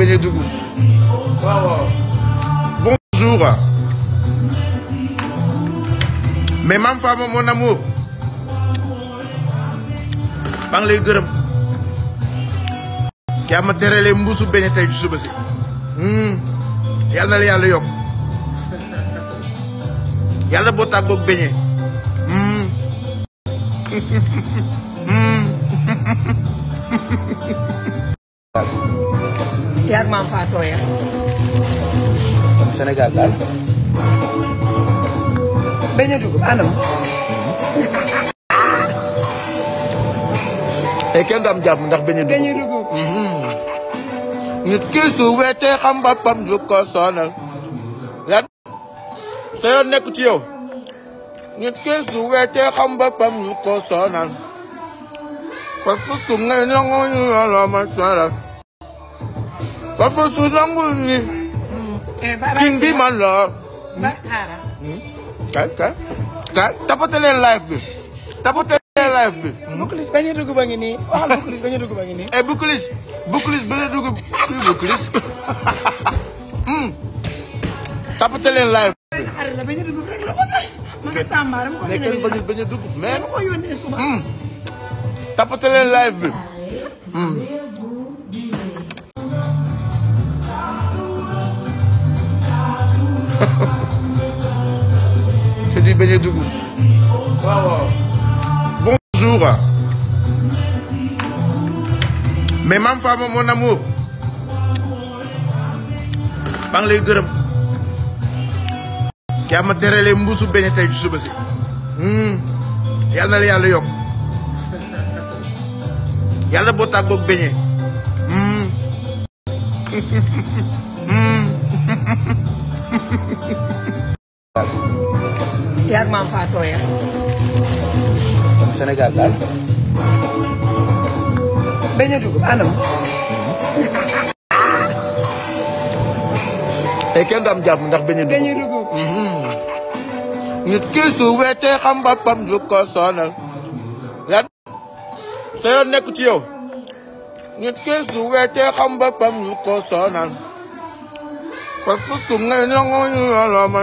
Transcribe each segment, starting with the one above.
Bénédougou. Bonjour. mais Mame Fama mon amour maa lay gërëm. yaa ma terelee mbuusu beñe tey suba si. Hmm. yàlla na la yàlla yokk yàlla boo tàggoog beñe. waaw. Hmm. Hmm. yaag maam Fatou Toya. kon daal. bañ a dugg anam. et eh, kenn du am jàmm ndax bañ a dugg. bañ a dugg. Mhm. nit ki su weetee xam boppam du ko sonal. lan. sa yoon nekk ci yow. nit ki su weetee xam boppam du ko sonal. parce que dafa su nangul ni eh, king hmm. bi man la kay kay kay tapate leen live bi tapate leen live bi Boucliss bañ a dugg ngi nii waxal Boucliss bañ a dugg ngi nii eh Boucliss Boucliss bañ a dugg kuy Boucliss tapate leen live mais c'est du beignet dougou. waaw waaw. bonjour. mais Mame Fama mon amour. ngi lay gërëm. yaa ma terelee mbuusu beignet tey suba si. Hmm. yàlla na la yàlla yokk. yàlla boo tàggoog beignet. Hmm. Hmm. yaag maam Fatou Toya. kon Sénégal daal. bañ a dugg anam. te eh, kenn du am jàmm ndax bañ a dugg. bañ a dugg. Mm-hmm. nit ki su weetee xam boppam ju ko sonal. yaa ngay ñoŋoo ñu yàlla ma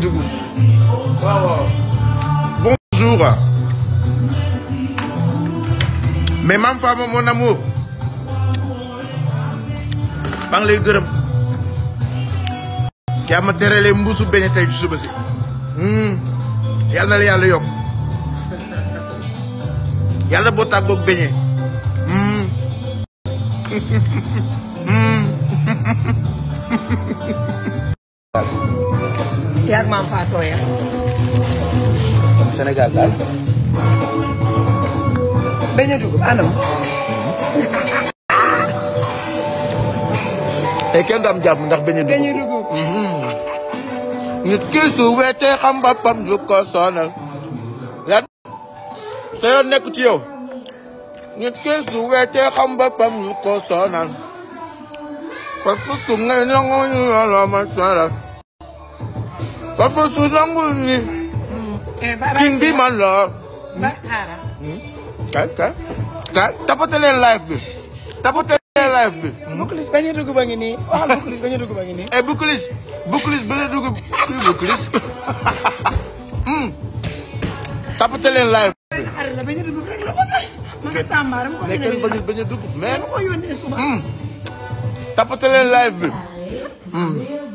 Kédougou. Wow. Bonjour. Mais ma femme, mon amour. maa ngi lay gërëm. yaa ma terale mbuusu beñe tey suba si. Hmm. yal na la yàlla yokk. yàlla boo tàggoog beñe. Hmm. Hmm. Kanté ak maam Fatou Toya. kon Sénégal daal. bañ a dugg anam. te eh, kenn du am jàmm ndax bañ a dugg. bañ a dugg. nit ki su weetee xam boppam du ko sonal. yaa sa yoon nekk ci yow. nit ki su weetee xam boppam du ko sonal. parce que su ngay ñëwoon ñu yoroon ma sonal. dafa su nangul ni. Eh, king hmm. bi man la. kay kay kay tapote leen bi tapote leen bi. Bouclis hmm. bañ a dugg ngi ni waxal Bouclis bañ a dugg ba ngi nii. Bouclis Bouclis bañ a dugg kii Bouclis tapote leen bi. bañ a dugg rek la